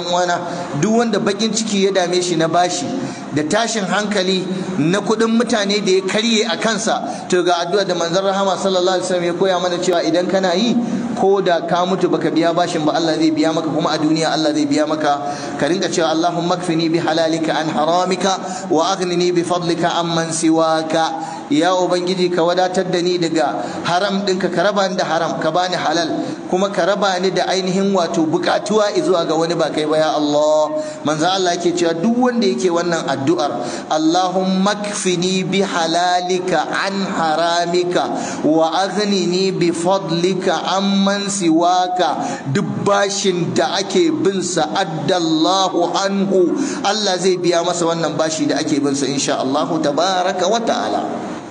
wana duk wanda bakin ciki ya dame shi na bashi da tashin hankali na kudin mutane da ya karye a kansa to ga addu'a da manzon rahama sallallahu alaihi wasallam ya koya mana cewa idan kana yi ko da ka mutu baka biya bashin ba Allah zai biya maka kuma a duniya Allah zai biya maka ka rinka cewa Allahumma kfini bi halalika an haramika wa aghnini bi fadlika amman siwaka ya ubangiji ka wadatar da ni daga haram ɗinka ka raba ni da haram ka bani halal kuma ka raba ni da ainihin wato bukatuwa izuwa ga wani ba kai ba ya Allah manzo Allah yake cewa duk wanda yake wannan addu'ar Allahumma kfini bi halalika an haramika wa aghnini bi fadlika amman siwaka duk bashin da ake bin sa addallahu anhu Allah zai biya masa wannan bashi da ake bin sa insha Allah tabaraka wa ta'ala